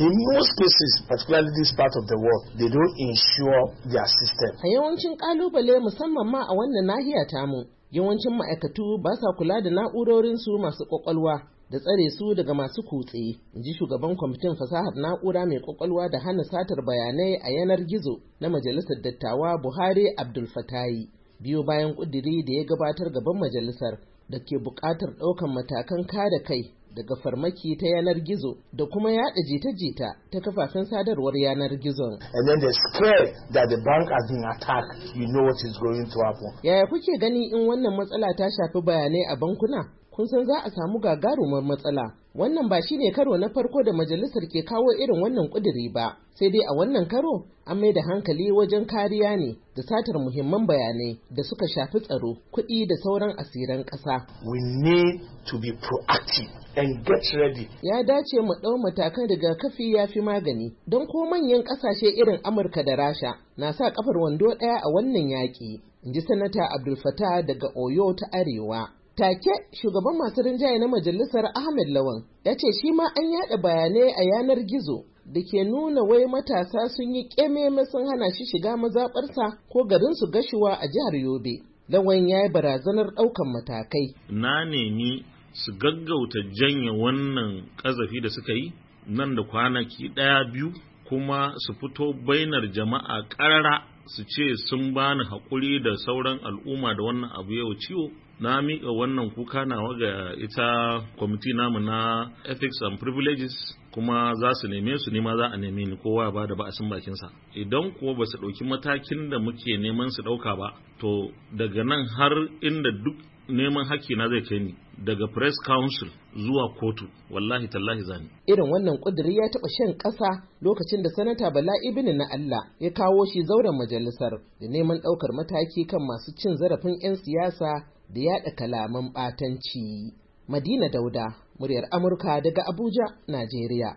in most cases particularly this part of the world they don't insure their system a yawancin kalubale musamman ma a wannan nahiya mu, yawancin ma'aikatu ba sa kula da na'urorinsu masu kwakwalwa da tsare su daga masu kutse in ji shugaban kwamitin fasahar na'ura mai kwakwalwa da hana satar bayanai a yanar gizo na majalisar dattawa buhari abdul fatayi biyo bayan kudiri da ya gabatar gaban majalisar da ke buƙatar ɗaukar matakan kada kai daga farmaki ta yanar gizo da kuma yada jita-jita ta kafafen sadarwar yanar gizon. And then they scared that the bank has been attacked. You know what is going to happen. Yaya kuke gani in wannan matsala ta shafi bayanai a bankuna? kun san za a samu gagarumar matsala wannan ba shine karo na farko da majalisar ke kawo irin wannan kuduri ba sai dai a wannan karo an mai da hankali wajen kariya ne da satar muhimman bayanai da suka shafi tsaro kuɗi da sauran asiran ƙasa. we need to be proactive and get ready ya dace mu ɗau matakan rigakafi ya fi magani don ko manyan ƙasashe irin amurka da rasha na sa kafar wando ɗaya a wannan yaƙi in ji sanata abdul daga oyo ta arewa Take shugaban masu rinjaye na majalisar Ahmed Lawan ya ce shi ma an yaɗa bayanai a yanar gizo da ke nuna wai matasa sun yi ƙememe sun hana shi shiga mazaɓarsa ko garin su gashuwa a jihar Yobe. Lawan ya yi barazanar ɗaukan matakai. Na nemi su gaggauta janye wannan ƙazafi da suka yi nan da kwanaki ɗaya biyu kuma su fito bainar jama'a ƙarara su ce sun bani haƙuri da sauran al'umma da wannan abu yau ciwo na miƙa wannan kuka nawa ga ita kwamiti namu na ethics and privileges kuma za su neme su nema za a neme ni kowa ba da ba'asin bakinsa idan kuwa ba su ɗauki matakin da muke neman su ɗauka ba to daga nan har inda duk neman haƙƙi na zai kai ni daga press council zuwa kotu wallahi tallahi zani irin wannan ƙudiri ya taɓa shan ƙasa lokacin da sanata bala ibn na allah ya kawo shi zauren majalisar da neman ɗaukar mataki kan masu cin zarafin 'yan siyasa da yaɗa kalaman ɓatanci madina dauda muryar amurka daga abuja najeriya